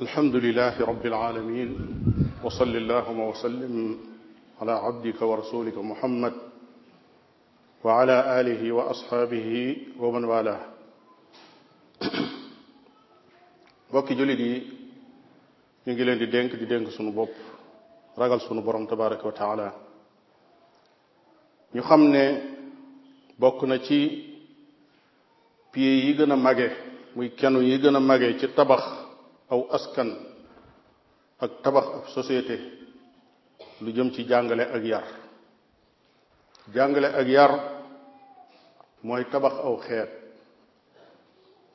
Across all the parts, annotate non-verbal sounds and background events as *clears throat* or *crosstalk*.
alhamdulilahi rabilalamin wasali allahuma wasallim ala abdika wa rasulika muhammad wa ala alihi wa asxaabihi wala mbokki jullit yi ñu ngi leen di dénk di dénk sunu bopp ragal sunu borom tabaraka wa ñu xam ne bokk na ci pied yi gën a mage muy kenu yi gën a mage ci tabax aw askan ak tabax ak société lu jëm ci jàngale ak yar jàngale ak yar mooy tabax aw xeet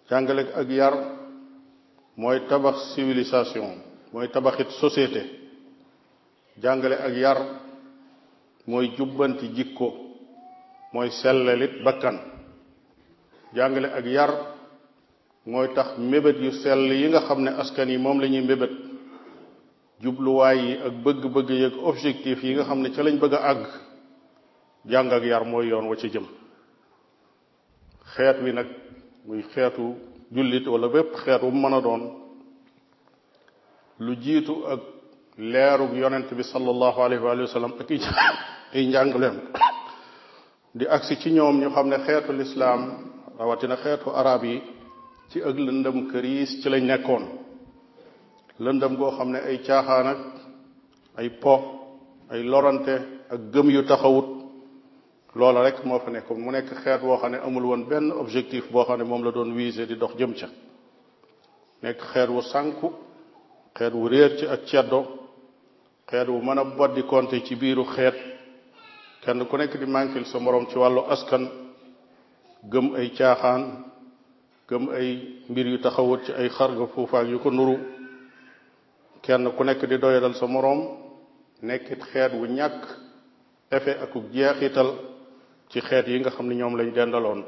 jàngale ak yar mooy tabax siwilisation mooy tabaxit société jàngale ak yar mooy jubbanti jikko mooy sellalit bakkan jàngale ak yar mooy tax mébét yu sell yi nga xam ne askan yi moom lañuy ñuy mébét jubluwaay yi ak bëgg-bëgg yeeg objectif yi nga xam ne ca lañ bëgg a àgg jàng ak yar mooy yoon wa ci jëm xeet wi nag muy xeetu jullit wala bépp xeet wu mën a doon lu jiitu ak leerug yonent bi sallallahu alayhi wa sallam ak i *laughs* njàngaleem di agsi ci ñoom ñu xam ne xeetu lislaam rawatina xeetu araab yi ci ak lëndëm këriis ci lañ nekkoon lëndëm goo xam ne ay caaxaan ak ay po ay lorante ak gëm yu taxawut loola rek moo fa nekkoon mu nekk xeet woo xam ne amul woon benn objectif boo xam ne moom la doon visé di dox jëm ca nekk xeet wu sànku xeet wu réer ci ak ceddo xeet wu mën a boddi konte ci biiru xeet kenn ku nekk di manquil sa moroom ci wàllu askan gëm ay caaxaan gëm ay mbir yu taxawut ci ay xarga fuufaak yu ko nuru kenn ku nekk di doyadal sa moroom nekkit xeet wu ñàkk effet ak jeexital ci xeet yi nga xam ne ñoom lañ dendaloon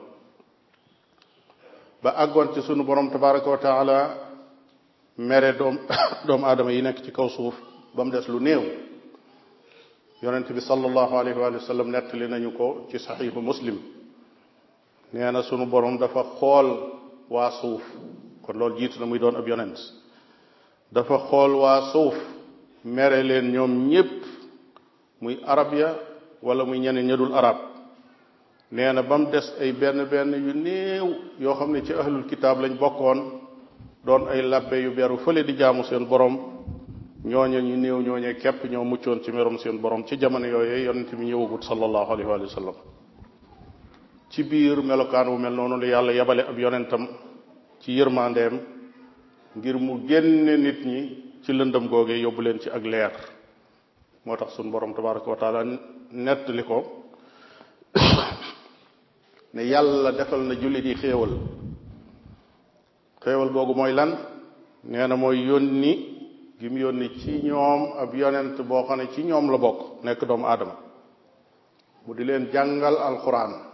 ba àggoon ci sunu borom tabaraka wa taala mere doom *coughs* doomu aadama yi nekk ci kaw suuf ba mu des lu néew yonent bi sallallahu alayhi wa sallam nettali nañu ko ci saxiixu muslim nee sunu borom dafa xool waa suuf kon loolu jiitu na muy doon ab yonent dafa xool waa suuf mere leen ñoom ñépp muy arab ya wala muy ñeneen ña arab nee na ba mu des ay benn benn yu néew yoo xam ne ci ahlul kitaab lañ bokkoon doon ay labbe yu beru fële di jaamu seen borom ñooñe ñu néew ñooñe képp ñoo muccoon ci merom seen borom ci jamono yooyu yonent bi ñëwagut sallallahu alayhi wa sallam ci biir melokaan wu mel noonu la yàlla yabale ab yonentam ci yërmandeem ngir mu génne nit ñi ci lëndam googee yóbbu leen ci ak leer moo tax suñ borom tabaraka wa taala nettali ko *coughs* ne yàlla defal na jullit yi xéewal xéewal googu mooy lan nee mooy yónni gi mu yónni ci ñoom ab yonent boo xam ne ci ñoom la bokk nekk doomu aadama mu di leen jàngal alxuraan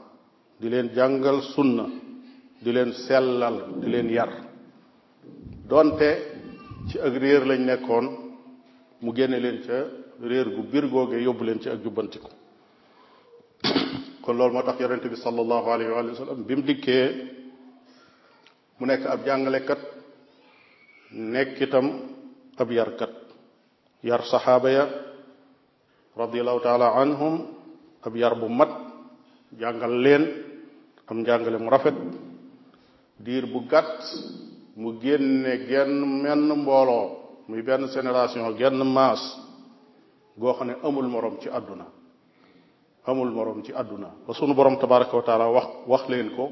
di leen jàngal sunna di leen sellal di leen yar donte ci ak réer lañ nekkoon mu génne leen ca réer gu biir googee yóbbu leen ci ak jubbantiku *coughs* kon loolu moo tax yonente bi sallallahu alayhi wa sallam bi mu dikkee mu nekk ab jàngalekat nekk itam ab yarkat yar saxaaba ya radiallahu taala anhum ab yar bu mat jàngal leen am jàngale mu rafet diir bu gàtt mu génne genn menn mbooloo muy benn génération genn maas goo xam ne amul moroom ci àdduna amul moroom ci àdduna ba sunu borom tabaraka wa wax wax leen ko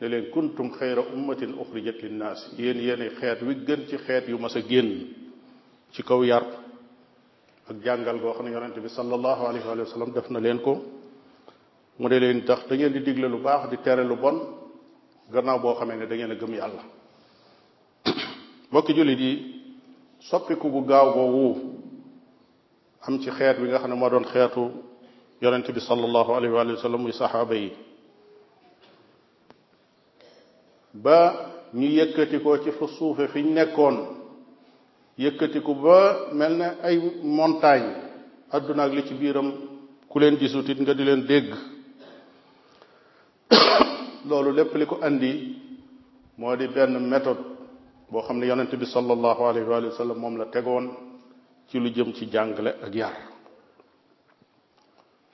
ne leen kuntum xayra ummatin uxrijat linnaas yéen yéen xeet wi gën ci xeet yu mas a génn ci kaw yar ak jàngal goo xam ne yonente bi sallallahu alayhi wa def na leen ko mu dee leen tax da ngeen di digle lu baax di tere lu bon gannaaw boo xamee ne da ngeen a gëm yàlla *coughs* mbokki jullit yi soppiku bu gaaw googu am ci xeet bi nga xam ne moo doon xeetu yonent bi sallallahu alayhi wa sallam muy saxaaba yi ba ñu yëkkatikoo ci fu suufe fi ñu nekkoon yëkkatiku ba mel ne ay montagne àdduna ak li ci biiram ku leen gisutit nga di leen dégg loolu lépp li ko indi moo di benn méthode boo xam ne yonent bi sallallahu alayhi wa sallam moom la tegoon ci lu jëm ci jàngale ak yar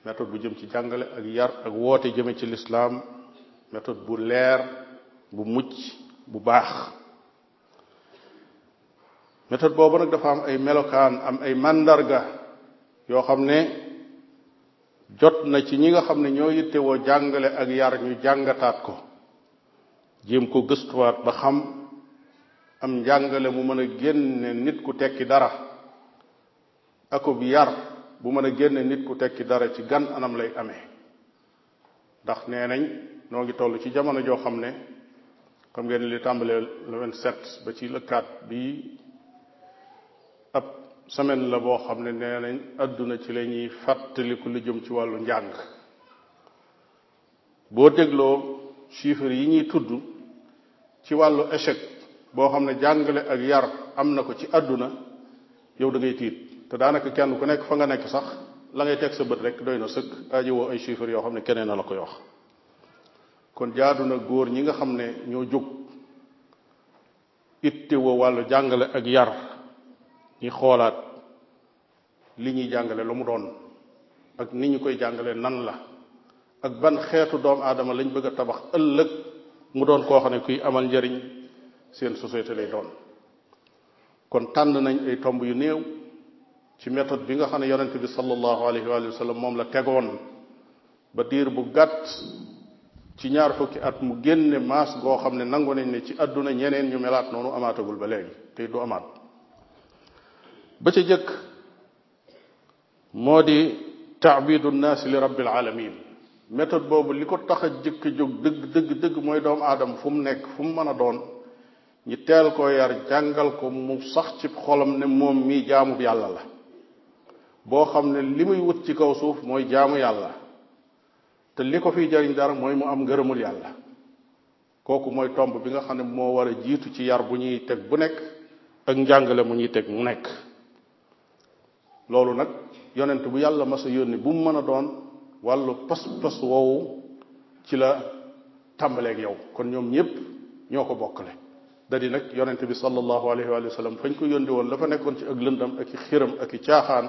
méthode bu jëm ci jàngale ak yar ak woote jëme ci lislaam méthode bu leer bu mucc bu baax méthode boobu nag dafa am ay melokaan am ay màndarga yoo xam ne jot na ci ñi nga xam ne ñoo yittewoo jàngale ak yar ñu jàngataat ko jéem ko gëstuwaat ba xam am njàngale mu mën a génne nit ku tekki dara akub yar bu mën a génne nit ku tekki dara ci gan anam lay amee ndax nee nañ noo ngi toll ci jamono joo xam ne xam ngeen li tàmbalee le 27 ba ci lëkkaat bi ab semaine la boo xam ne nee nañ àdduna ci la ñuy fàttaliku lu jëm ci wàllu njàng boo dégloo chiffres yi ñuy tudd ci wàllu échec boo xam ne jàngale ak yar am na ko ci àdduna yow dangay tiit te daanaka kenn ku nekk fa nga nekk sax la ngay teg sa bët rek doy na sëkk aajowoo ay chiffres yoo xam ne keneen na la koy wax kon jaadu na góor ñi nga xam ne ñoo jóg ittewoo wàllu jàngale ak yar ñi xoolaat li ñuy jàngale lu mu doon ak ni ñu koy jàngale nan la ak ban xeetu doom aadama lañ bëgg a tabax ëllëg mu doon koo xam ne kuy amal njariñ seen société lay doon kon tànn nañ ay tomb yu néew ci méthode bi nga xam ne yonente bi sallallahu alayhi wa sallam moom la tegoon ba diir bu gàtt ci ñaar fukki at mu génne maas goo xam ne nangu nañ ne ci àdduna ñeneen ñu melaat noonu amaatagul ba léegi te du amaat ba ca jëkk moo di taabidu nnaas li rabbil alamin méthode boobu li ko tax a jëkk jóg dëgg dëgg dëgg mooy doom aadam fu mu nekk fu mu mën a doon ñi teel ko yar jàngal ko mu sax ci xolam ne moom mii jaamu yàlla la boo xam ne li muy wut ci kaw suuf mooy jaamu yàlla te li ko fi jariñ dara mooy mu am ngërëmul yàlla kooku mooy tomb bi nga xam ne moo war a jiitu ci yar bu ñuy teg bu nekk ak njàngale mu ñuy teg mu nekk loolu nag yonent bu yàlla masa a yónni bu mu mën a doon wàllu pas-pas woowu ci la tàmbaleek yow kon ñoom ñëpp ñoo ko bokk le di nag yonent bi sallallahu alayhi wa sallam fañ ko yóndi woon la fa nekkoon ci ak lëndam ak i xiram ak i caaxaan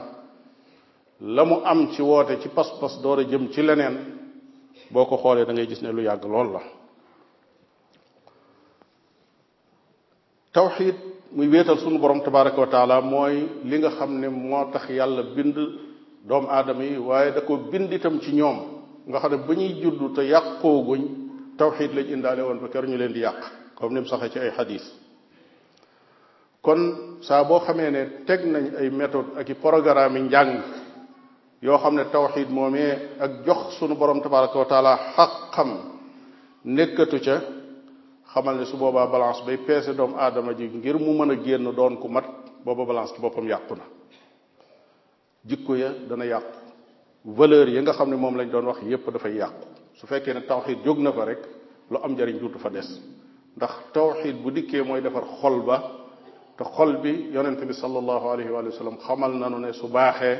la mu am ci woote ci pas-pas door a jëm ci leneen boo ko xoolee da ngay gis ne lu yàgg lool la tawxid muy wéetal sunu borom tabaraka wa taala mooy li nga xam ne moo tax yàlla bind doomu aadama yi waaye da ko bind itam ci ñoom nga xam ne ba ñuy juddu te yàqooguñ tawxid lañ indaale woon ba kër ñu leen di yàq comme ni mu saxee ci ay xadis kon saa boo xamee ne teg nañ ay méthode ak i programme yi njàng yoo xam ne tawxid moomee ak jox sunu borom tabaraka wa xaqam nekkatu ca xamal ne su boobaa balance bay peese doomu aadama ji ngir mu mën a génn doon ku mat booba balance ci boppam yàqu na jikko ya dana yàqu valeur yi nga xam ne moom lañ doon wax yépp dafay yàqu su fekkee ne tawxid jóg na fa rek lu am njariñ duutu fa des ndax tawxid bu dikkee mooy defar xol ba te xol bi yonent bi sallallahu alayhi wa sallam xamal na nanu ne su baaxee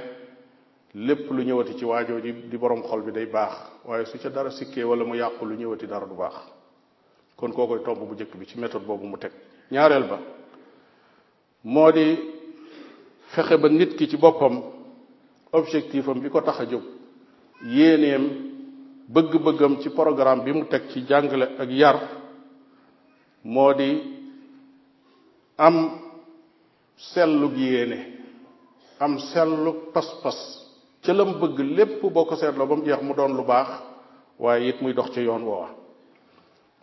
lépp lu ñëwati ci waajoo ji di borom xol bi day baax waaye su ca dara sikkee wala mu yàqu lu ñëwati dara du baax kon kookoy tomb bu njëkk bi ci méthode boobu mu teg ñaareel ba moo di fexe ba nit ki ci boppam objectif bi ko tax a jóg yéeneem bëgg-bëggam ci programme bi mu teg ci jàngale ak yar moo di am sellug yéene am sellug pas-pas ca lam bëgg lépp boo ko seetloo ba mu jeex mu doon lu baax waaye it muy dox ci yoon woowa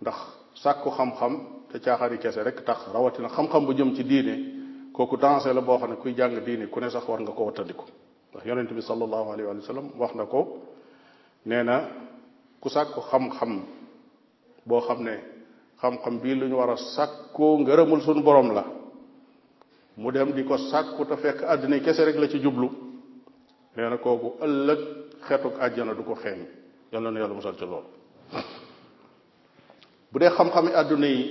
ndax sàkku xam-xam te caaxaani kese rek tax rawatina xam-xam bu jëm ci diine kooku danger la boo xam ne kuy jàng diine ku ne sax war nga ko wattandiku ndax yonent bi sallallahu alayhi wa sallam wax na ko nee na ku sàkku xam-xam boo xam ne xam bii lu war a sàkkoo ngërëmul suñu borom la mu dem di ko sàkku te fekk àddina kese rek la ci jublu nee na kooku ëllëg xetuk àjjana du ko xeeñ yal na nu yàlla musal ci loolu bu dee xam-xami àdduna yi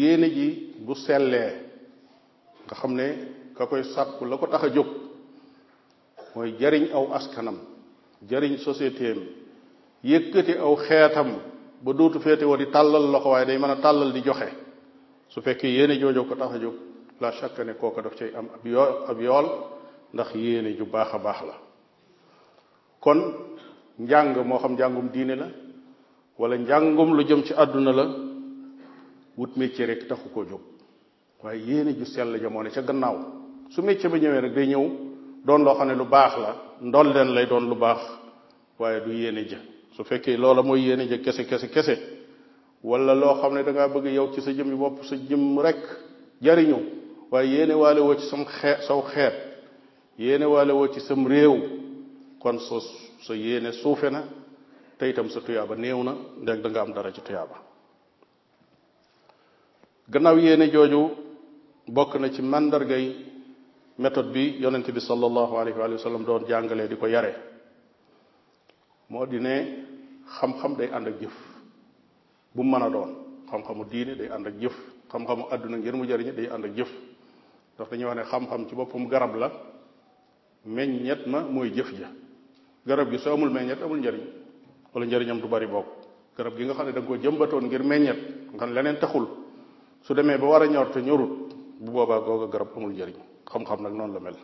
yéene ji bu sellee nga xam ne ka koy sàkku la ko tax a jóg mooy jariñ aw askanam jariñ société am yëkkati aw xeetam ba dootu féete woo di tàllal loxo waaye day mën a tàllal di joxe su fekkee yéene joojoo ko tax a jóg la chaque ne kooka daf cay am ab yool ab yool ndax yéene ju baax a baax la kon njàng moo xam njàngum diine la wala njàngum lu jëm ci àdduna la wut métier rek taxu ko jóg waaye yéene ju sell ja moo ne ca gannaaw su métier ba ñëwee rek day ñëw doon loo xam ne lu baax la ndol leen lay doon lu baax waaye du yéene ja su fekkee loola mooy yéene ja kese kese kese wala loo xam ne da ngaa bëgg yow ci sa jëmmi bopp sa jëm rek jariñu waaye yéene waale woo ci sam xeet saw xeet yéene waale woo ci sam réew kon sa sa yéene suufe na te itam sa tuyaaba néew na ndeg danga am dara ci tuyaaba gannaaw yéene jooju bokk na ci màndargay méthode bi yonent bi sallallahu alayhi wa sallam doon jàngalee di ko yare moo di ne xam-xam day ànd ak jëf bu mën a doon xam-xamu diine day ànd ak jëf xam-xamu àdduna ngir mu jëriñ day ànd jëf ndax dañuy wax ne xam-xam ci boppam garab la meññet ma mooy jëf ja garab gi soo amul meññet amul njariñ wala njëriñam du bari bokk garab gi nga xam ne da nga ko jëmbatoon ngir meññet nga xam leneen taxul su demee ba war a ñor te ñorut bu boobaa googa garab amul njëriñ xam-xam nag noonu la mel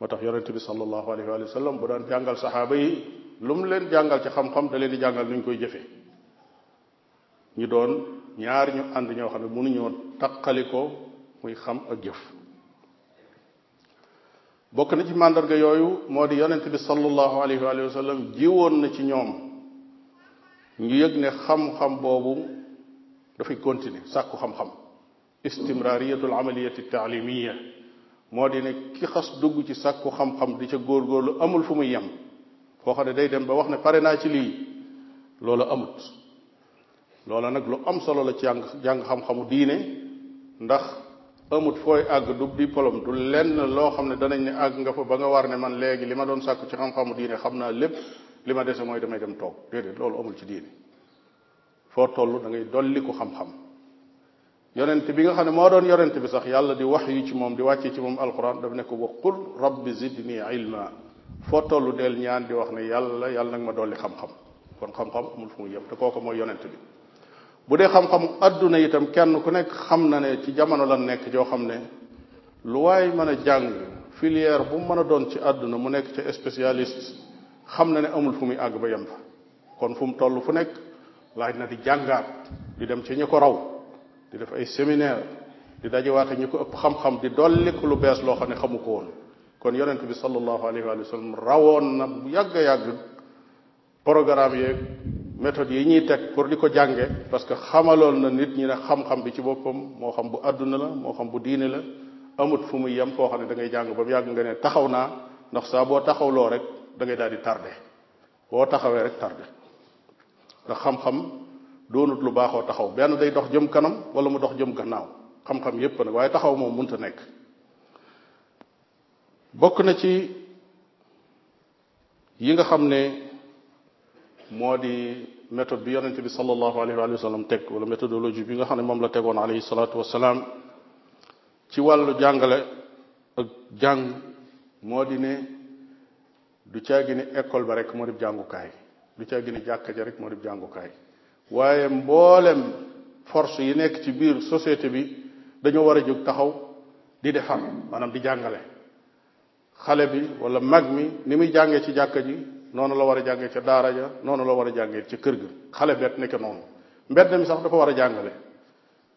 moo tax yonente bi sallallahu alayhi wa sallam bu daan jàngal saxaaba yi lu mu leen jàngal ci xam-xam da leen di jàngal nu ñu koy jëfe ñu doon ñaar ñu ànd ñoo xam ne mënuñoo taqali ko muy xam ak jëf bokk na ci màndarga yooyu moo di yonent bi sallallahu alayhi wa sallam jiwoon na ci ñoom ñu yëg ne xam-xam boobu dafay continuer sàkku xam-xam istimrariyatul amaliyati taalimiya moo di ne ki xas dugg ci sàkku xam-xam di ca góor góorgóorlu amul fu muy yem koo xam ne day dem ba wax ne pare naa ci lii loolu amut loola nag lu am solo la ci jàng jàng xam-xamu diine ndax amut fooy àgg du polom du lenn loo xam ne danañ ne àgg nga fa ba nga war ne man léegi li ma doon sàkku ci xam-xamu diine xam naa lépp li ma dese mooy damay dem toog déedéet loolu amul ci diine foo toll da ngay dolli ko xam-xam yonent bi nga xam ne moo doon yonent bi sax yàlla di wax yu ci moom di wàccee ci moom alquran daf ne ko wa qul rabbi zidni ilma foo toll del ñaan di wax ne yàlla yàlla nag ma dolli xam-xam kon xam-xam amul fu mu yem te mooy yonent bi bu dee xam-xamu adduna itam kenn ku nekk xam na ne ci jamono lan nekk joo xam ne lu waaye mën a jàng filière bu mën a doon ci àdduna mu nekk ci spécialiste xam na ne amul fu muy àgg ba yem fa kon fu mu toll fu nekk laaj na di jàngaat di dem ci ñi ko raw di def ay séminaire di dajawaat ñi ko ëpp xam-xam di dolliku lu bees loo xam ne xamu ko woon kon yonent bi sallallahu alayhi wa rawoon na bu yàgg a yàgg méthode yi ñuy teg pour di ko jànge parce que xamaloon na nit ñi ne xam-xam bi ci boppam moo xam bu àdduna la moo xam bu diine la amut fu muy yem foo xam ne da ngay jàng ba mu yàgg nga ne taxaw naa ndax saa boo taxawloo rek dangay ngay daal di tardé boo taxawee rek tardé ndax xam-xam doonut lu baaxoo taxaw benn day dox jëm kanam wala mu dox jëm gannaaw xam-xam yépp nag waaye taxaw moom mënta nekk bokk na ci yi nga xam ne moo di méthode bi yonente bi sallallahu alayhi wa sallam teg wala méthodologie bi nga xam ne moom la tegoon alayhi salaatu wasalaam ci wàllu jàngale ak jàng moo di ne du caagi ne école ba rek moo di jàngukaay du caagi ne jàkka ja rek moo di jàngukaay waaye mboolem force yi nekk ci biir societé bi dañoo war a jóg taxaw di defar maanaam di jàngale xale bi wala mag mi ni muy jàngee ci jàkka ji noonu la war a jàngee ca daara ja noonu la war a jàngee ca kër ga xale bet nekk noonu mbedd mi sax dafa war a jàngale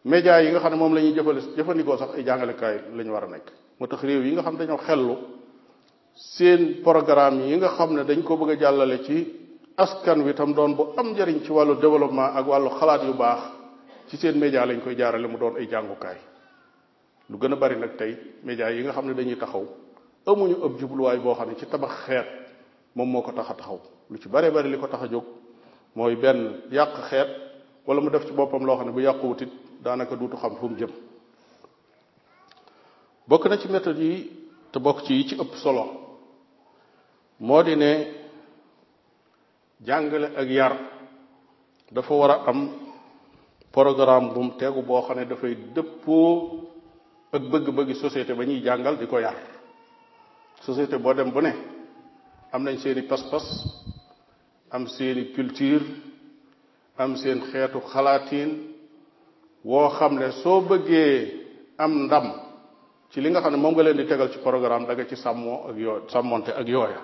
média yi nga xam ne moom la ñuy jëfale jëfandikoo sax jàngalekaay la war a nekk moo tax réew yi nga xam ne dañoo xellu seen programme yi nga xam ne dañ ko bëgg a jàllale ci askan wi doon bu am njëriñ ci wàllu développement ak wàllu xalaat yu baax ci seen média lañ koy jaarale mu doon ay jàngukaay lu gën a bari nag tey média yi nga xam ne dañuy taxaw amuñu ab jubluwaay boo xam ne ci tabax xeet moom moo ko tax a taxaw lu ci bare bari li ko tax a jóg mooy benn yàq xeet wala mu def ci boppam loo xam ne bu yàquwut it daanaka duutu xam fu jëm bokk na ci méthodes yi te bokk ci yi ci ëpp solo moo di ne jàngale ak yar dafa war a am programme bu mu tegu boo xam ne dafay dëppoo ak bëgg-bëggi société ba ñuy jàngal di ko yar société boo dem bu ne am nañ seeni pas-pas am seeni culture am seen xeetu xalaatiin woo xam ne soo bëggee am ndam ci li nga xam ne moom nga leen di tegal ci programme da ci sàmmoo ak sàmmonte ak yooya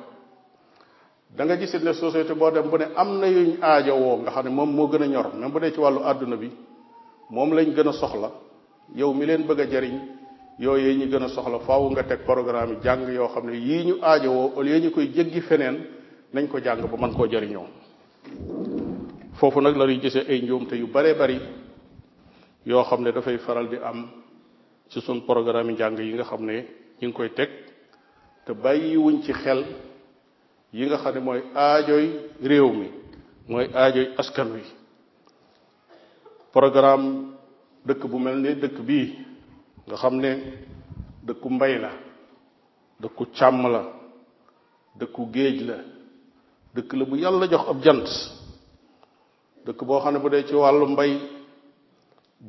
danga nga gisit ne société boo dem bu ne am na yuñ aajo woo nga xam ne moom moo gën a ñor même bu dee ci wàllu àdduna bi moom lañ gën a soxla yow mi leen bëgg a jariñ yooyu ñu gën a soxla faaw nga teg programme yi jàng yoo xam ne yii ñu aajowoo au ñu koy jéggi feneen nañ ko jàng ba mën koo jariñoo foofu nag la ñuy ay njuumte yu bare bari yoo xam ne dafay faral di am ci suñ programme yi njàng yi nga xam ne ñu ngi koy teg te bàyyiwuñ ci xel yi nga xam ne mooy aajoy réew mi mooy aajoy askan wi programme dëkk bu mel ni dëkk bii nga xam ne dëkku mbay la dëkku càmm la dëkku géej la dëkk la bu yàlla jox ab jant dëkk boo xam ne bu dee ci wàllu mbay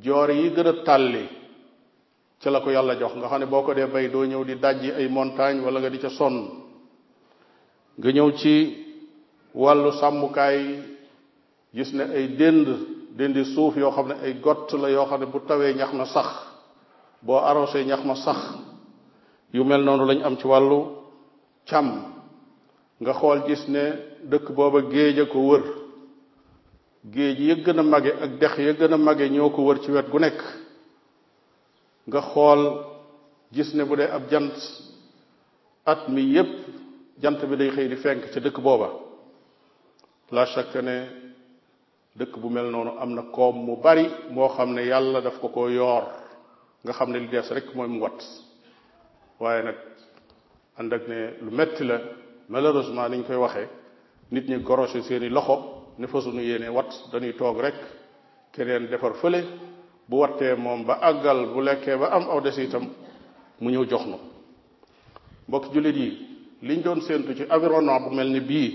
joor yi gën a tàlli ci la ko yàlla jox nga xam ne boo ko dee bay doo ñëw di dajji ay montagne wala nga di ca sonn nga ñëw ci wàllu sàmmukaay gis ne ay dénd déndi suuf yoo xam ne ay gott la yoo xam ne bu tawee ñax na sax boo arrosé ñax ma sax yu mel noonu lañ am ci wàllu càmm nga xool gis ne dëkk booba géej a ko wër géej ya gën a mage ak dex ya gën a mage ñoo ko wër ci wet gu nekk nga xool gis ne bu dee ab jant at mi yépp jant bi day xëy di fenk ca dëkk booba la chaque ne dëkk bu mel noonu am na koom mu bari moo xam ne yàlla daf ko ko yoor nga xam ne li des rek mooy mu wat waaye nag ànd ak ne lu metti la malheureusement niñ koy waxee nit ñi gorosé seeni loxo ne fa suñu yéene wat dañuy toog rek keneen defar fële bu wattee moom ba àggal bu lekkee ba am aw des itam mu ñëw jox nu mbokk jullit yi liñ doon séentu ci environnement bu mel ni bii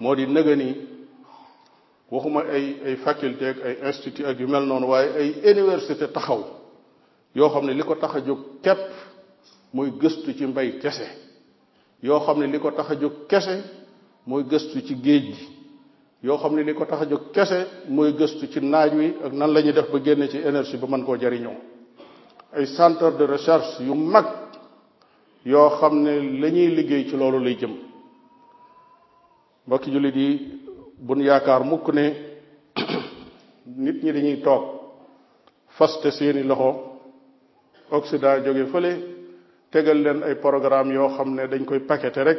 moo di nëga waxuma ay ay faculté ak ay institut ak yu mel noonu waaye ay université taxaw yoo xam ne li ko tax a jóg képp mooy gëstu ci mbay kese yoo xam ne li ko tax a jóg kese mooy gëstu ci géej gi yoo xam ne li ko tax a jóg kese mooy gëstu ci naaj wi ak nan lañuy def ba génne ci énergie ba mën koo jariñoo ay centre de recherche yu mag yoo xam ne lañuy liggéey ci loolu lay jëm mbokki jullit yi buñ yaakaar mukk ne *coughs* nit ñi dañuy toog faste seeni loxo Occident jóge fële tegal leen ay programme yoo xam ne dañ koy paqueté rek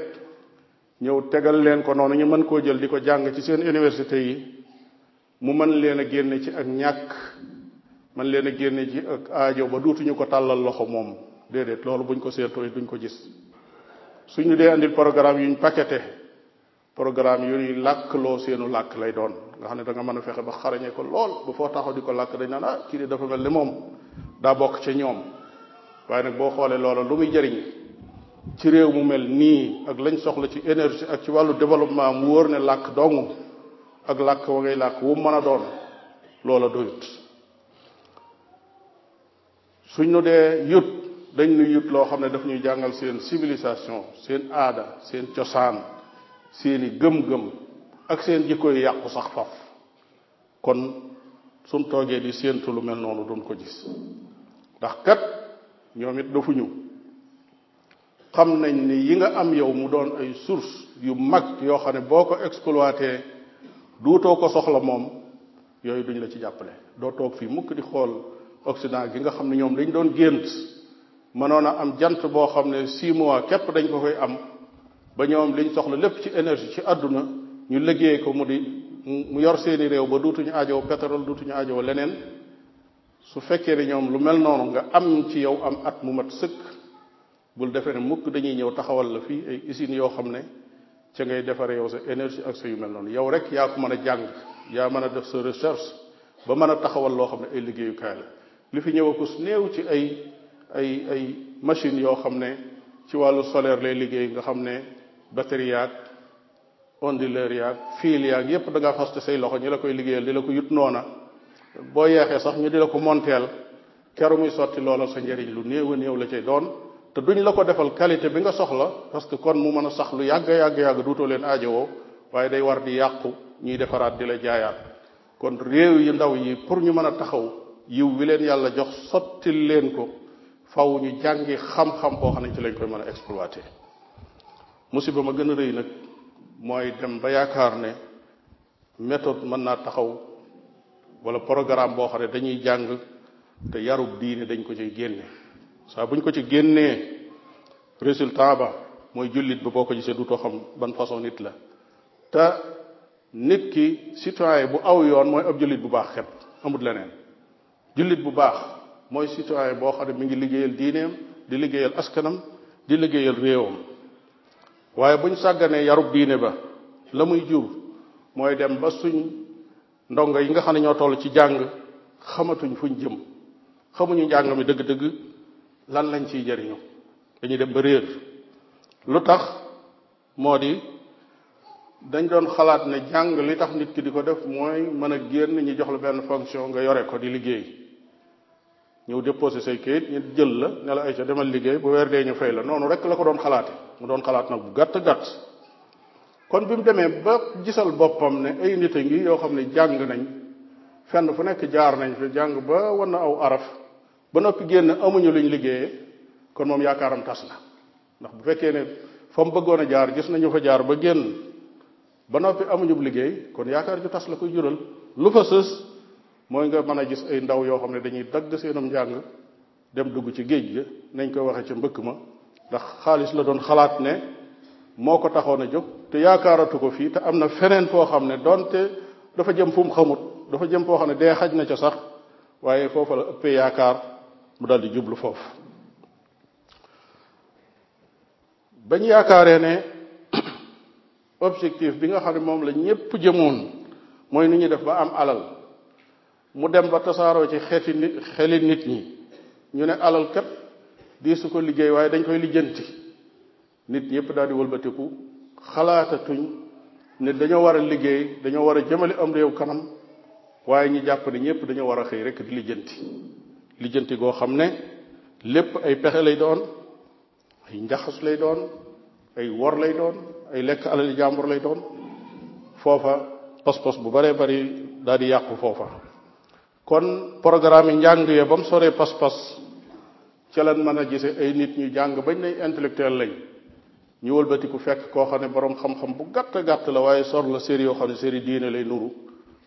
ñëw tegal leen ko noonu ñu mën koo jël di ko jàng ci seen université yi mu mën leen a génne ci ak ñàkk mën leen a génne ci ak aajo ba duutuñu ko tàllal loxo moom déedéet loolu buñ ko seetooy duñ ko gis suñu dee indi programme yuñ paqueté programme yuy làkkloo seenu làkk lay doon nga xam ne da nga mën a fexe ba xarañee ko lool bu foo taxaw di ko làkk dañ naan ah kii de dafa mel ni moom daa bokk ca ñoom waaye nag boo xoolee loola lu muy jëriñ ci réew mu mel nii ak lañ soxla ci énergie ak ci wàllu développement mu wóor ne làkk dong ak làkk wa ngay làkk wu mën a doon loola doyut suñ nu dee yut dañ nu yut loo xam ne daf ñuy jàngal seen civilisation seen aada seen cosaan seeni gëm-gëm ak seen jikko yu yàqu sax faf kon suñ toogee di séentu lu mel noonu duñ ko gis ndax kat ñoom it dofuñu xam nañ ni yi nga am yow mu doon ay source yu mag yoo xam ne boo ko exploité duutoo ko soxla moom yooyu duñ la ci jàppale doo toog fii mukk di xool Occident gi nga xam ne ñoom dañ doon gént mënoon a am jant boo xam ne six mois képp dañ ko koy am ba ñoom liñ soxla lépp ci énergie ci àdduna ñu liggéey ko mu di mu yor seeni réew ba duutuñu ajoo pétrole duutuñu ajoo leneen su fekkee ne ñoom lu mel noonu nga am ci yow am at mu mat sëkk bul defee ne mukk dañuy ñëw taxawal la fii ay usines yoo xam ne ca ngay defaree yow sa énergie ak yu mel noonu yow rek yaa ko mën a jàng yaa mën a def sa recherche ba mën a taxawal loo xam ne ay liggéeyukaay la li fi ñëw akus néew ci ay ay ay machines yoo xam ne ci wàllu solaire lay liggéey nga xam ne batterie yaag onduleur yaag fiil yaag yépp da ngaa fas te say loxo ñi la koy liggéeyal ko yut noona boo yeexee sax ñu di la ko monteel keru muy sotti loola sa njëriñ lu néew a néew la cay doon te duñ la ko defal qualité bi nga soxla parce que kon mu mën a sax lu yàgg yàgg yàgg duutoo leen aajowoo waaye day war di yàqu ñuy defaraat di la jaayaat kon réew yu ndaw yi pour ñu mën a taxaw yiw wi leen yàlla jox sottil leen ko faw ñu jàngi xam-xam boo xam ne ci lañ koy mën a exploiter musiba ma gën a rëy nag mooy dem ba yaakaar ne métode mën naa taxaw wala programme boo xam ne dañuy jàng te yarub diine dañ ko ci génne saa buñ ko ci génnee résultat ba mooy jullit ba boo ko gisee duutoo xam ban façon nit la te nit ki citoyen bu aw yoon mooy ab jullit bu baax xet amut leneen jullit bu baax mooy citoyen boo xam ne mi ngi liggéeyal diineem di liggéeyal askanam di liggéeyal réewam waaye buñ sàgganee yarub diine ba la muy jur mooy dem ba suñ ndongo yi nga xam ne ñoo toll ci jàng xamatuñ fuñ jëm xamuñu njàng mi dëgg-dëgg lan lañ ciy jëriñu dañuy dem ba réer lu tax moo di dañ doon xalaat ne jàng li tax nit ki di ko def mooy mën a génn ñu jox la benn fonction nga yore ko di liggéey ñëw déposé say kayit ñu jël la ne la ay ca demal liggéey bu weer dee ñu fay la noonu rek la ko doon xalaate mu doon xalaat nag bu gàtt gàtt kon bi mu demee ba gisal boppam ne ay nit a ngi yoo xam ne jàng nañ fenn fu nekk jaar nañ fi jàng ba wan na aw araf ba noppi génn amuñu luñ liggéeye kon moom yaakaaram ndax bu fekkee ne fa bëggoon a jaar gis nañu fa jaar ba génn ba noppi amuñu liggéey kon yaakaar ju tas la koy jural lu fa sës mooy nga mën a gis ay ndaw yoo xam ne dañuy dagg seenum njàng dem dugg ci géej ga nañ koy waxee ca mbëkk ma ndax xaalis la doon xalaat ne moo ko taxoon a jóg te yaakaaratu ko fii te am na feneen foo xam ne donte dafa jëm fu mu xamut dafa jëm foo xam ne dee xaj na ca sax waaye foofa la ëppee yaakaar mu dal di jublu foofu bañ yaakaaree ne *clears throat* objectif bi nga xam ne moom la ñépp jëmoon mooy ni ñuy def ba am alal mu dem ba tasaaroo ci xeeti nit xeli nit ñi ñu ne alal kat di su ko liggéey waaye dañ koy lijjanti nit ñëpp daal di wëlbatiku xalaatatuñ ne dañoo war a liggéey dañoo war a jëmale am réew kanam waaye ñu jàpp ne ñëpp dañoo war a xëy rekk di lijjanti lijjanti goo xam ne lépp ay pexe lay doon ay njaxas lay doon ay wor lay doon ay lekk alali jàmbur lay doon foofa pos-pos bu baree bari daal di yàqu foofa kon programme yi njàng yee ba mu soree pas-pas ca lan mën a gise ay nit ñu jàng bañ nay intellectuel lañ ñu wëlbatiku fekk koo xam ne boroom xam-xam bu gàtt gàtt la waaye sor la séri yoo xam ne séri diine lay nuru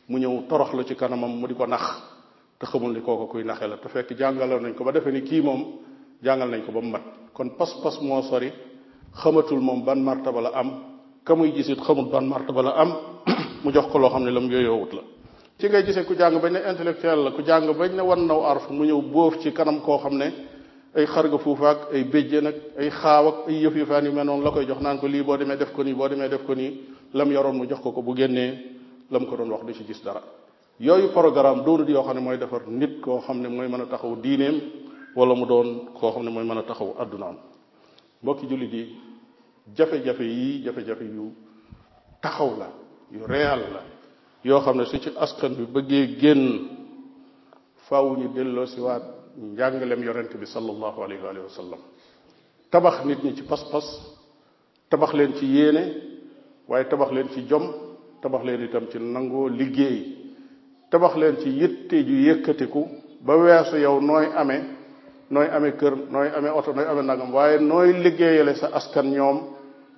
mu ñëw torox la ci kanamam mu di ko nax te xamul ni kooku kuy naxe la te fekk jàngaloon nañ ko ba defee ni kii moom jàngal nañ ko ba mu mat kon pas-pas moo sori xamatul moom ban martaba la am ka muy gisit xamul ban martaba la am *coughs* mu jox ko loo xam ne la mu yooyoowut la ci ngay gisee ku jàng bañ ne intellectuel la ku jàng bañ ne wan naw arf mu ñëw bóof ci kanam koo xam ne ay xar nga fuufaak ay béjjën nag ay xaawak ak ay yëf yëfaan yu mel noonu la koy jox naan ko lii boo demee def ko nii boo demee def ko nii lam yoroon mu jox ko ko bu génnee lam ko doon wax du ci gis dara yooyu programme doonut yoo xam ne mooy defar nit koo xam ne mooy mën a taxaw diineem wala mu doon koo xam ne mooy mën a taxaw àddunaam mbokki jullit yi jafe-jafe yii jafe-jafe yu taxaw la yu réel la yoo xam ne su ci askan bi bëggee génn faaw ñu delloo siwaat njàngalem yonent bi sallallahu alayhi wa sallam tabax nit ñi ci pas-pas tabax leen ci yéene waaye tabax leen ci jom tabax leen itam ci nangoo liggéey tabax leen ci yitte ju yëkkatiku ba weesu yow nooy amee nooy amee kër nooy amee oto nooy amee nangam waaye nooy liggéeyale sa askan ñoom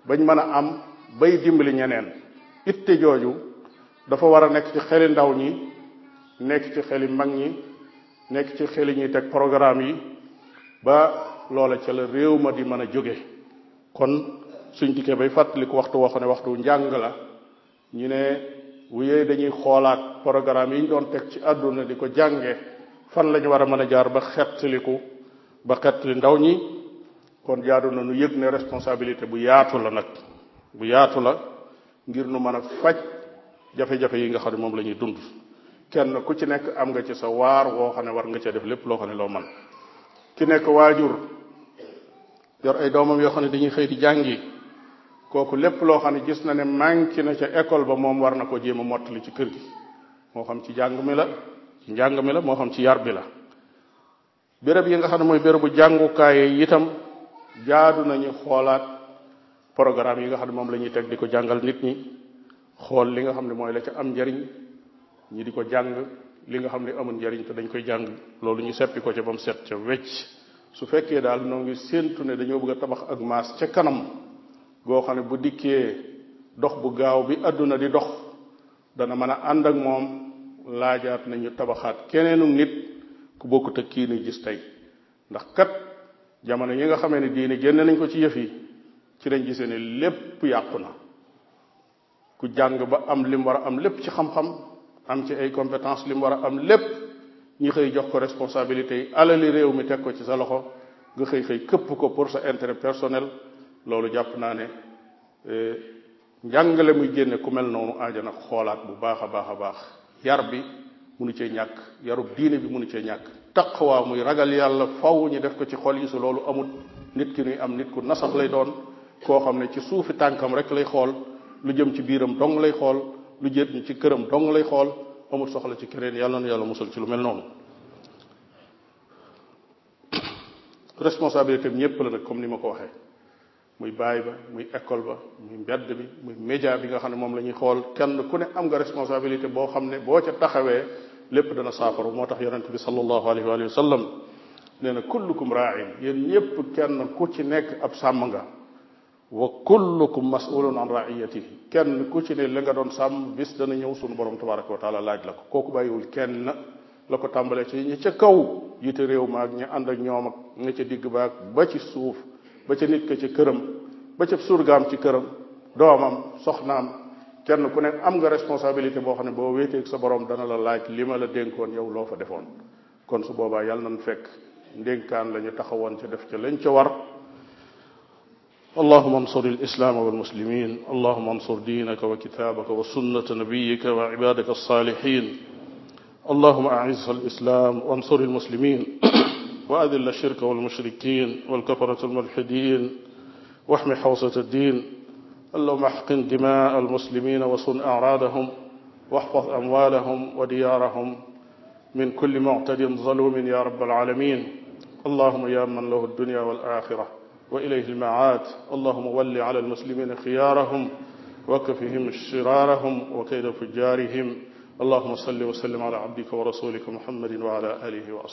bañ mën a am bay dimbali ñeneen itte jooju dafa war a nekk ci xeli ndaw ñi nekk ci xeli mag ñi nekk ci xeli ñuy teg programme yi ba loole ca la réew ma di mën a jóge kon suñ dikkee bay fàttaliku waxtu woo xam ne waxtu njàng la ñu ne wuyee dañuy xoolaat programme yi ñu doon teg ci àdduna di ko jànge fan lañu war a mën a jaar ba xettaliku ba xettali ndaw ñi kon jaadu na nu yëg ne responsabilité bu yaatu la nag bu yaatu la ngir nu mën a faj jafe-jafe yi nga xam ne moom la ñuy dund kenn ku ci nekk am nga ci sa waar woo xam ne war nga cee def lépp loo xam ne loo man ki nekk waajur yor ay doomam yoo xam ne dañuy xëy di yi kooku lépp loo xam ne gis na ne na ca école ba moom war na ko jéem a mottali ci kër gi moo xam ci jàng mi la njàng mi la moo xam ci yar bi la béréb yi nga xam ne mooy bérébu jàngukaay yi itam jaadu nañu xoolaat programme yi nga xam ne moom la ñuy teg di ko jàngal nit ñi xool li nga xam ne mooy la ca am njariñ ñu di ko jàng li nga xam ne amul njariñ te dañ koy jàng loolu ñu seppi ko ca ba mu set ca wecc su fekkee daal noo ngi séentu ne dañoo bëgg a tabax ak maas ca kanam goo xam ne bu dikkee dox bu gaaw bi àdduna di dox dana mën a ànd ak moom laajaat nañu tabaxaat keneenu nit ku bokkut ak kii ni gis tey ndax kat jamono yi nga xamee ne diine génn nañ ko ci yëf yi ci lañ gisee ne lépp yàqu na ku jàng ba am lim war a am lépp ci xam-xam am ci ay compétence li mu war a am lépp ñi xëy jox ko responsabilité yi alali réew mi teg ko ci sa loxo nga xëy xëy këpp ko pour sa intérêt personnel loolu jàpp naa ne e, njàngale muy génne ku mel noonu aaja nag xoolaat bu baax a baax a baax yar bi munu cee ñàkk yarub diine bi munu cee ñàkk taqwa muy ragal yàlla faw ñu def ko ci xol yi su loolu amut nit ki nuy am nit ku nasax lay doon koo xam ne ci suufi tànkam rek lay xool lu jëm ci biiram dong lay xool lu jët ñi ci këram dong lay xool amul soxla ci keneen yàlla na yàlla musal ci lu mel noonu responsabilité bi ñëpp la nag comme ni ma ko waxee muy baay ba muy école ba muy mbedd bi muy média bi nga xam ne moom la ñuy xool kenn ku ne am nga responsabilité boo xam ne boo ca taxawee lépp dana saafaru moo tax yonente bi sallallahu alayhi wa sallam nee na kullukum raain yéen ñëpp kenn ku ci nekk ab sàmm nga wa kullukum masulun an raiyatihi kenn ku ci ne la nga doon sàmm bis dana ñëw suñu borom tabaraka wa taala laaj la ko kooku bàyyiwul kenn la ko tàmbalee ci ñi ca kaw yite réew ma ak ña ànd ak ñoom ak ña ca digg baag ba ci suuf ba ca nit ka ci këram ba ca surgaam ci këram doomam soxnaam kenn ku nekk am nga responsabilité boo xam ne boo wéeteeg sa borom dana la laaj li ma la dénkoon yow loo fa defoon kon su boobaa yàlla nañ fekk ndénkaan la ñu taxawoon ca def ca lañ ca war اللهم انصر الإسلام والمسلمين اللهم انصر دينك وكتابك وسنة نبيك وعبادك الصالحين اللهم أعز الإسلام وانصر المسلمين وأذل الشرك والمشركين والكفرة الملحدين واحم حوصة الدين اللهم احقن دماء المسلمين وصن أعراضهم واحفظ أموالهم وديارهم من كل معتد ظلوم يا رب العالمين اللهم يا من له الدنيا والآخرة وإليه المعاد اللهم ول على المسلمين خيارهم وكفهم شرارهم وكيد فجارهم اللهم صل وسلم على عبدك ورسولك محمد وعلى آله وأصحابه